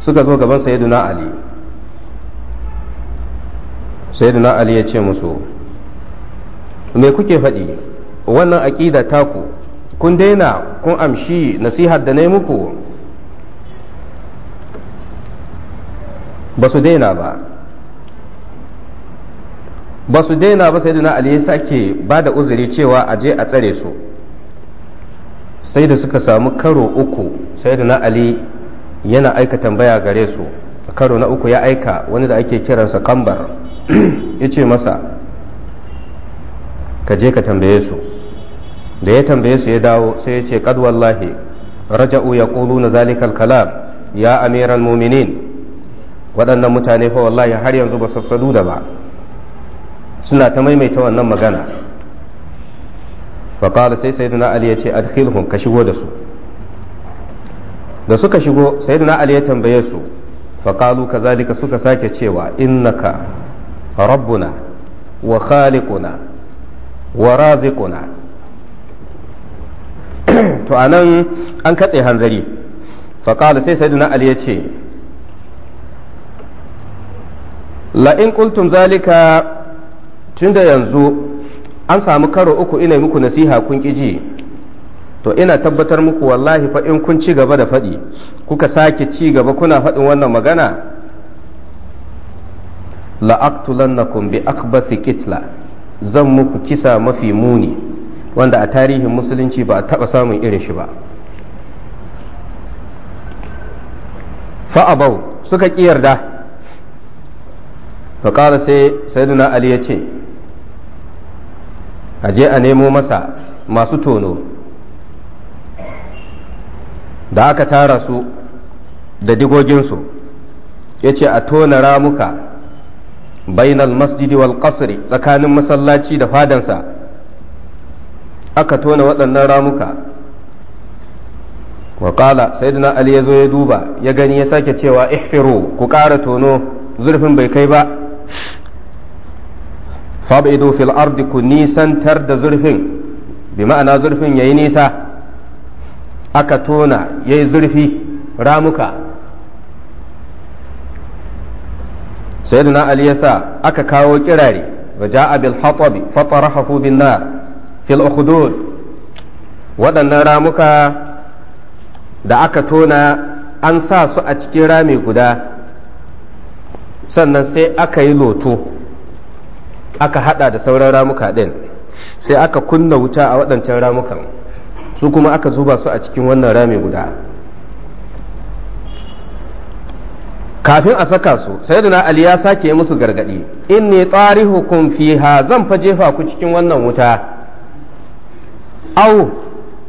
suka zo gaban sayyiduna ali sayyiduna ali ya ce musu me kuke faɗi wannan aƙida taku kun daina kun amshi nasihar da na yi muku ba su daina ba ba su daina ba sayyidina ali ya sake ba da uzuri cewa a je a tsare su sai da suka samu karo uku sai na ali yana aika tambaya gare su karo na uku ya aika wani da ake kiransa kambar ya ce masa ka je ka tambaye su da ya tambaye su ya dawo sai ya ce kad raja'u ya kulu na zalikal kalam ya amiran muminin waɗannan mutane fa wallahi har yanzu ba sassadu da ba suna ta maimaita wannan magana faƙala sai Sayyidina ali ya ce adkhilhum ka shigo da su da suka shigo Sayyidina ali ya tambaye su faƙalu kazalika suka sake cewa innaka rabbuna wa khaliquna wa raziquna to anan an katse hanzari faƙala sai Sayyidina ali ya ce la'in kultum zalika tun da yanzu an samu karo uku ina muku nasiha kun ji to ina tabbatar muku wallahi fa in kun ci gaba da faɗi kuka sake ci gaba kuna faɗin wannan magana la'aktulannakum bi akbathi kitla zan muku kisa mafi muni wanda a tarihin musulunci ba a taɓa samun irin shi ba fa'abau suka ƙi yarda faƙara sai sayyiduna ali ya ce a je a nemo masa masu tono da aka tara su da digoginsu ya ce a tona ramuka bainal masjidi wal qasri tsakanin masallaci da fadansa aka tona waɗannan ramuka waƙala sayyidina ali ya zo ya duba ya gani ya sake cewa ihfiru ku ƙara tono zurfin bai kai ba فابعدوا في الارض كنيسا ترد زرفين بمعنى زرفين يا نيسا اكتونا يا زرفي راموكا سيدنا اليسا اكا كاو كيراري وجاء بالحطب فطرحه بالنار في الاخدود ودنا راموكا دا اكتونا انسا سو اتشيرامي كدا سنن سي اكا يلوتو aka hada da sauran ramuka ɗin sai aka kunna wuta a waɗancan ramukan su kuma aka zuba su a cikin wannan rami guda kafin a saka su na ali ya sake musu gargadi inni tarihukum fiha zan fa jefa ku cikin wannan wuta au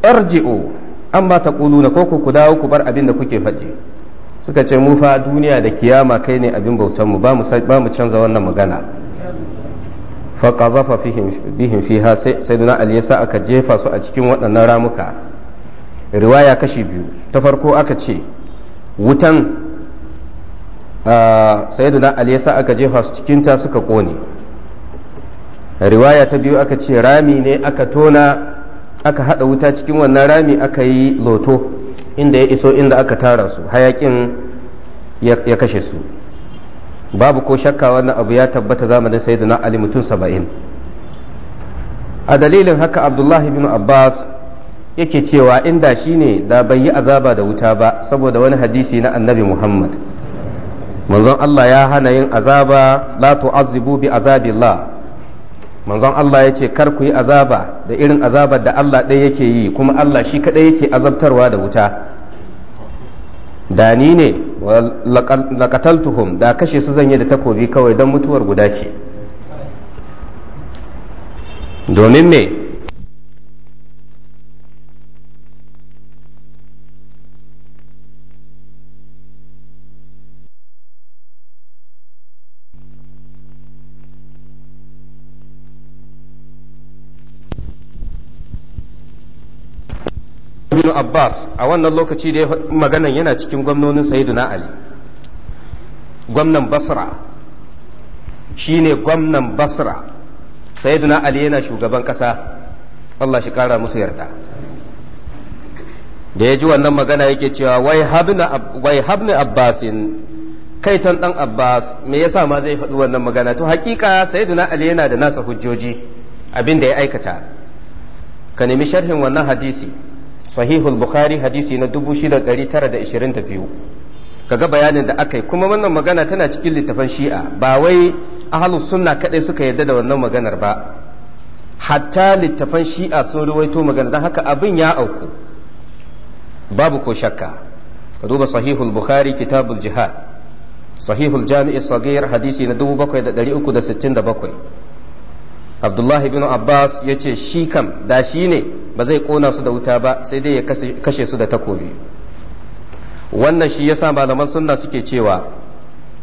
RGO, an ta ƙulu na, ko ku dawo ku bar abin da kuke faɗi suka ce mu fa duniya da kiyama kai ne abin bautanmu, ba mu canza wannan magana fa qazafa bihim fiha sai duna ali sa aka jefa su a cikin waɗannan ramuka riwaya kashi biyu ta farko aka ce wutan sai duna ali sa aka jefa su cikin ta suka kone riwaya ta biyu aka ce rami ne aka tona aka haɗa wuta cikin wannan rami aka yi loto inda ya iso inda aka tara su hayakin ya kashe su babu ko shakka wannan abu ya tabbata zamanin sayyidina ali mutum saba'in a dalilin haka abdullahi bin abbas yake cewa inda shi ne da bai yi azaba da wuta ba saboda wani hadisi na annabi muhammad manzon allah ya hana yin azaba la tu'azzibu bi azabillah manzon allah ya ce kar ku yi azaba da irin azabar da allah ɗaya yake yi kuma allah shi kaɗai yake azabtarwa da wuta da ni ne laqataltuhum da kashe su zan yi da takobi kawai don mutuwar guda ce domin me abbas a wannan lokaci da maganan yana cikin gwamnonin sayyiduna ali gwamnan basra shine gwamnan basra sayyiduna ali yana shugaban kasa allah shi kara musu yarda da ya ji wannan magana yake cewa wai habni abbasin tan dan abbas me yasa ma zai faɗi wannan magana to hakika sayyiduna ali yana da nasa hujjoji abinda ya aikata ka nemi sharhin wannan hadisi sahihul bukhari hadisi na 6922 kaga bayanin da aka yi kuma wannan magana tana cikin littafan shi'a ba wai ahlus sunna kadai suka yarda da wannan maganar ba hatta littafan shi'a sun ruwaito magana don haka abin ya auku babu ko shakka ka duba sahihul bukhari kitabul jihad sahihul jami'i sagir hadisi na 7367 abdullah bin abbas ya ce shi kam da shi ne ba zai kona su da wuta ba sai dai ya kashe su da takobi wannan shi yasa malaman sunna suke cewa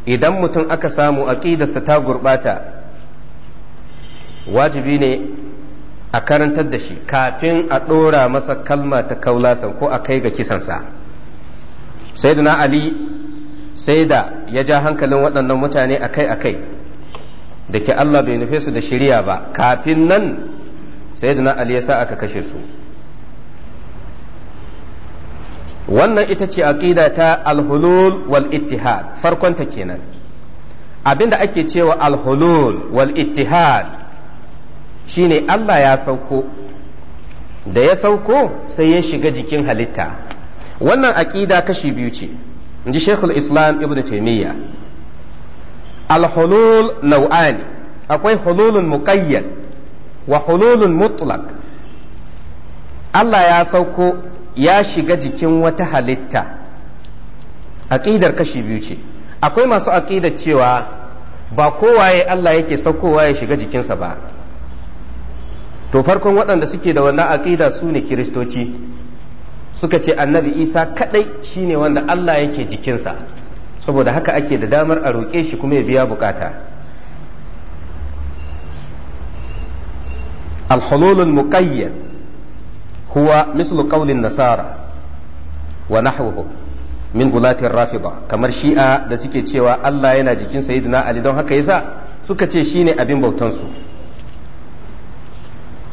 idan mutum aka samu aƙidarsa ta gurɓata wajibi ne a karantar da shi kafin a ɗora masa kalma ta kaulasan ko a kai ga kisansa sai da na ali sai da ya ja hankalin waɗannan mutane akai-akai da ke Allah bai nufe su da shirya ba kafin nan sayyidina Ali ya sa aka kashe su wannan ita ce aƙida ta alhulul wal ittihad farkon ta kenan abinda ake cewa alhulul wal ittihad shine Allah ya sauko da ya sauko sai ya shiga jikin halitta wannan aƙida kashi biyu ce in ji shekul Islam Ibn taimiyya. al alhulul nau'ani akwai hululun muqayyad wa hululun mutlaq Allah ya sauko ya shiga jikin wata halitta aƙidar kashi biyu ce akwai masu aƙidar cewa ba kowaye Allah yake saukowa ya shiga jikinsa ba to farkon waɗanda suke da wannan aƙida su ne kiristoci suka ce annabi isa kaɗai shine wanda Allah yake jikinsa saboda haka ake da damar a roƙe shi kuma ya biya bukata alhululul muqayyad huwa mislu qawlin nasara wa nahwuhu min gulatin rafida kamar shi'a da suke cewa Allah yana jikin sayyidina Ali don haka yasa suka ce shine abin bautansu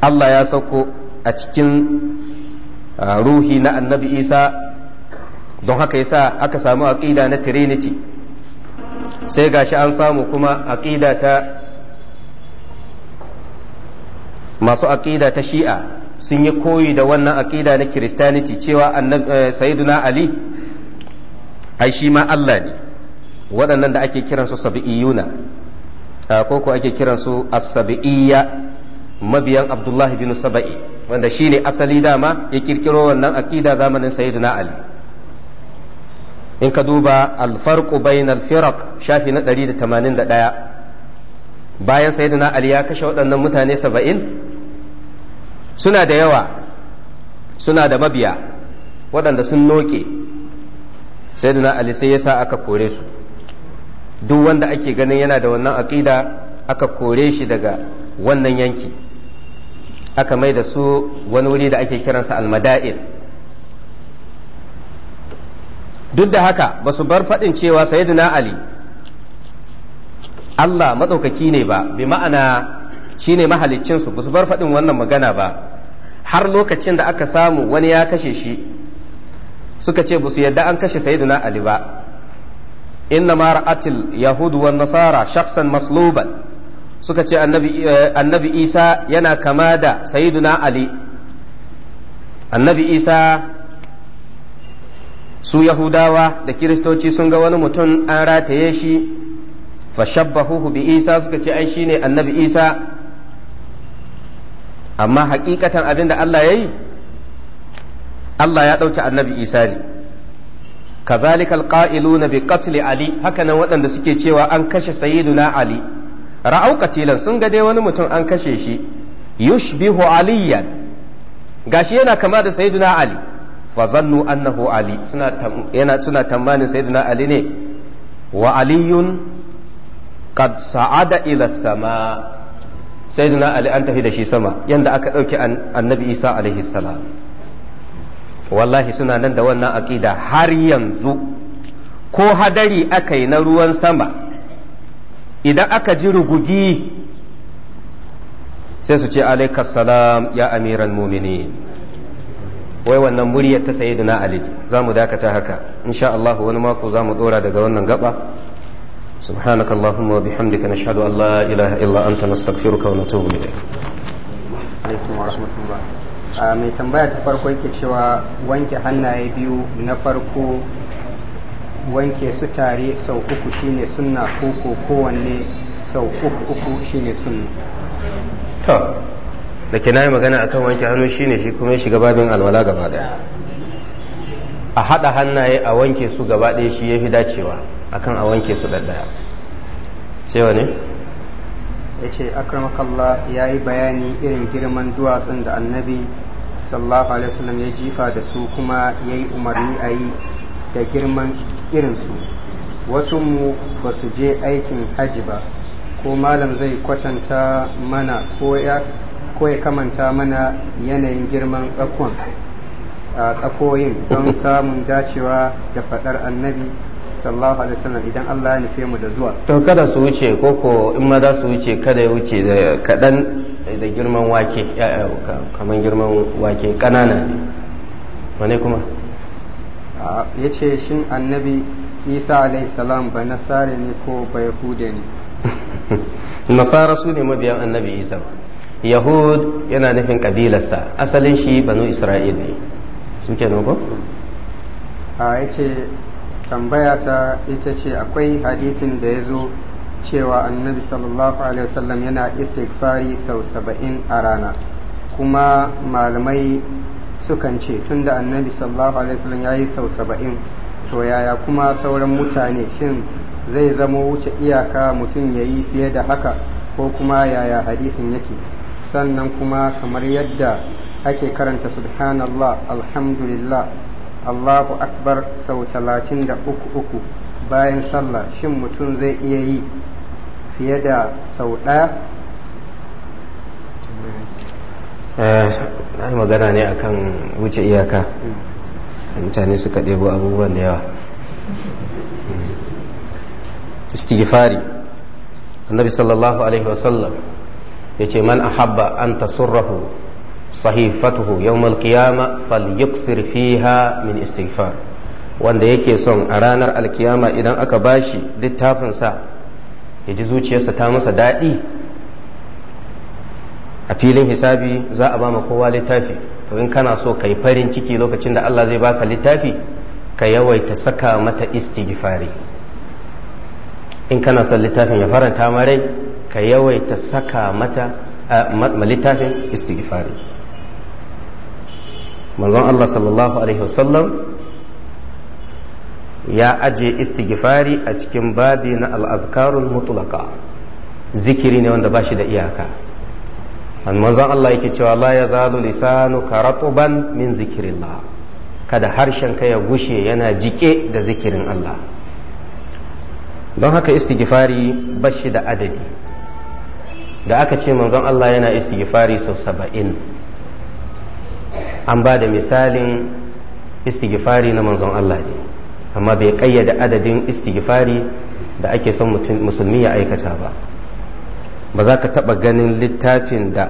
Allah ya sauko a cikin ah, ruhi na annabi Isa don haka yasa aka samu aqida na trinity sai gashi an samu kuma aqida ta masu aqida ta shi'a sun yi koyi da wannan aqida na christianity cewa eh, sayyiduna ali ai shi ma Allah ne waɗannan da ake kiransu sabi'iyuna ko ko ake kiransu as-sabi'iyya mabiyan abdullahi bin saba'i wanda shine asali dama ya kirkiro wannan aqida zamanin sayyiduna ali in ka duba alfarku bainal firaq shafi na 181 bayan sayyidina ali ya kashe waɗannan mutane 70 suna da yawa suna da mabiya waɗanda sun noke sayyidina ali sai ya sa aka kore su duk wanda ake ganin yana da wannan aƙida aka kore shi daga wannan yanki aka mai da su wani wuri da ake kiransa almada'in duk da haka ba su bar faɗin cewa sayyidina ali Allah maɗaukaki ne ba bi ma'ana shi ne mahaliccinsu ba su bar faɗin wannan magana ba har lokacin da aka samu wani ya kashe shi suka ce ba su yadda an kashe sayyidina ali ba inna ma ra'atil yahudu wa nasara shakhsan masluban suka ce annabi eh, isa yana kama da sayyiduna ali annabi isa su yahudawa da kiristoci sun ga wani mutum an rataye shi fa shabbahuhu bi isa suka ce ai shine annabi isa amma hakikatan abin da Allah ya yi Allah ya ɗauki annabi isa ne kazalika alqa'iluna bi qatli ali hakanan waɗanda suke cewa an kashe sayyiduna ali ra'au katilan sun ga dai wani mutum an kashe shi yushbihu aliyan gashi yana kama da sayyiduna ali Fazannu annahu ali suna yana suna tambayin sayyidina ali ne wa aliyun qad sa'ada ila sama sayyidina ali an tafi da shi sama yanda aka dauki annabi isa alaihi salam wallahi suna nan da wannan aqida har yanzu ko hadari aka yi na ruwan sama idan aka ji rugugi sai su ce alaikas ya amiran muminin wai wannan muryar ta sayyidina ali za mu dakata haka in sha Allah wani mako za mu dora daga wannan gaba سبحانك اللهم وبحمدك نشهد أن لا إله إلا illa نستغفرك ونتوب إليك عليكم ورحمة الله mai tambaya ta farko yake cewa wanke hannaye biyu na farko wanke su tare sau uku shine sunna ko ko kowanne sau uku uku shine sunna da ke na yi magana akan wanke hannu shine shi kuma ya shiga babin alwala gaba daya a haɗa hannaye a wanke su gaba ɗaya shi ya fi dacewa akan a wanke su ɗaɗɗaya cewa ne ya ce akramakallah ya yi bayani irin girman duwatsun da annabi sallallahu alaihi wasallam ya jifa da su kuma ya yi umarni ayi yi da girman irinsu wasu mu ba su je aikin haji ba ko malam zai kwatanta mana ko ya ko ya kamanta mana yanayin girman tsakon tsakoyin don samun dacewa da faɗar annabi sallallahu alaihi wasallam idan Allah ya nufe mu da zuwa to kada su wuce koko in ma za su wuce kada ya wuce da kadan da girman wake kaman girman wake kanana ne wane kuma ya ce shin annabi isa alaihi salam ba nasare ne ko ba yahude ne nasara su ne mabiyan annabi isa ba yahud yana nufin kabilarsa asalin shi banu isra'il ne su ke ko? a ce tambaya ta ita ce akwai hadithin da ya zo cewa annabi sallallahu alaihi wasallam yana istighfari sau saba'in a rana kuma malamai sukan ce tunda annabi sallallahu alaihi wasallam ya yi sau saba'in to yaya kuma sauran mutane shin zai zamo wuce iyaka mutum ya yi fiye da haka ko kuma yaya hadisin yake sannan kuma kamar yadda ake karanta subhanallah alhamdulillah allahu akbar sau talatin da uku uku bayan sallah shin mutum zai iya yi fiye da sau ɗaya na eh, yi magana ne akan wuce iyaka mutane suka ɗebo abubuwan da yawa istighfari annabi sallallahu alaihi wasallam yace man ahabba an tasurrahu sahifatuhu yawmal qiyama falyuksir fiha min istighfar wanda yake son a ranar alkiyama idan aka bashi littafinsa ya ji zuciyarsa ta masa daɗi a filin hisabi za a ba ma kowa littafi to in kana so kai farin ciki lokacin da Allah zai baka littafi ka yawaita saka mata istighfari in kana son littafin ya faranta marai ka yawaita saka mata littafin istighfari manzon Allah sallallahu alaihi wasallam ya aje istighfari a cikin babi na al'azkarun mutulaka zikiri ne wanda ba shi da iyaka manzon Allah yake cewa la ya zalu lisanu karatuban min zikirillah kada harshen ka ya gushe yana jike da zikirin Allah don haka istighfari ba shi da adadi da aka ce manzon Allah yana istighfari sau saba'in an ba da misalin istighfari na manzon Allah ne amma bai ƙayyada adadin istighfari da ake son musulmi ya aikata ba ba za ka taɓa ganin littafin da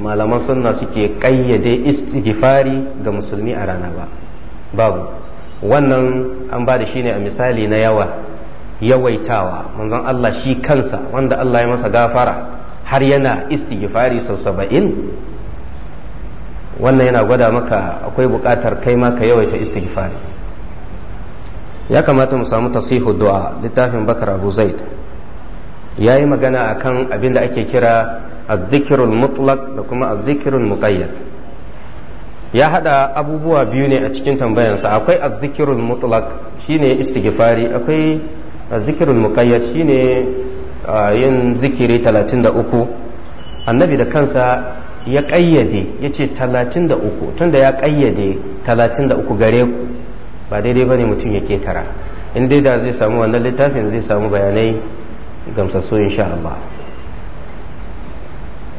malaman sunna suke ƙayyade istighfari ga musulmi a rana ba babu wannan an ba da shi ne a misali na yawa yawaitawa manzon Allah shi kansa wanda Allah ya masa gafara har yana istighfari sau saba'in wannan yana gwada maka akwai buƙatar kai maka yawaita istighfari ya kamata mu samu tasihu du'a littafin bakar abu zaid ya yi magana akan abin da ake kira azzikirul mutlak da kuma azzikirul muqayyad ya hada abubuwa biyu ne a cikin tambayansa akwai azzikirul shi shine istighfari akwai azzikirul muqayyad shine yin zikiri 33 annabi da kansa ya kayyade ya ce 33 tunda ya ƙayyade 33 gare ku ba daidai ba ne mutum ya ketara in dai da zai samu wannan littafin zai samu bayanai gamsassu insha Allah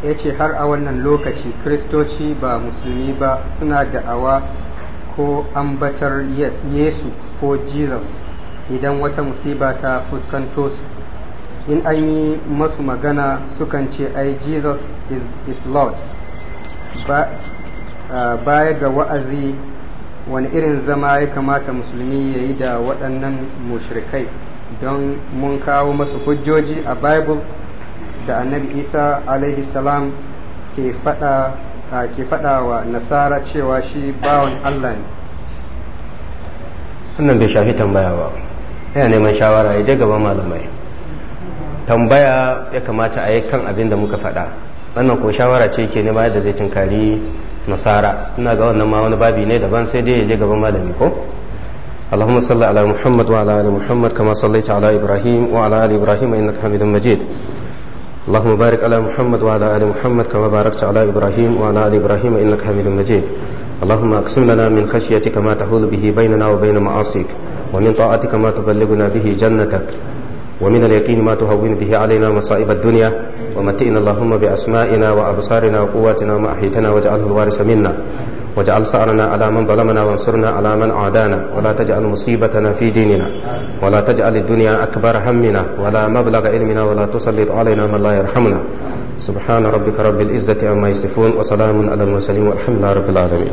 ya ce har a wannan lokaci kristoci ba musulmi ba suna da'awa ko ambatar yesu ko jesus idan wata musiba ta fuskanto su in an yi masu magana sukan ce ai jesus is, lord ba, baya ga wa'azi wani irin zama ya kamata musulmi ya yi da waɗannan mushrikai don mun kawo masu hujjoji a bible da annabi isa alaihi salam ke faɗa wa nasara cewa shi bawan allah ne wannan bai shafi tambaya ba yana neman shawara ya je gaban malamai tambaya ya kamata a yi kan abin da muka faɗa wannan ko shawara ce ke nema yadda zai tunkari nasara ina ga wannan ma wani babi ne daban sai dai ya je gaban malami ko اللهم صل على محمد وعلى ال محمد كما صليت على ابراهيم وعلى ال ابراهيم انك حميد مجيد اللهم بارك على محمد وعلى ال محمد كما باركت على ابراهيم وعلى ال ابراهيم انك حميد مجيد اللهم اقسم لنا من خشيتك ما تحول به بيننا وبين معاصيك ومن طاعتك ما تبلغنا به جنتك ومن اليقين ما تهون به علينا مصائب الدنيا ومتئنا اللهم بأسمائنا وأبصارنا وقواتنا ما أحيتنا واجعله الوارث منا واجعل سعرنا على من ظلمنا وانصرنا على من عادانا ولا تجعل مصيبتنا في ديننا ولا تجعل الدنيا أكبر همنا ولا مبلغ علمنا ولا تسلط علينا من لا يرحمنا سبحان ربك رب العزة عما يصفون وسلام على المرسلين والحمد لله رب العالمين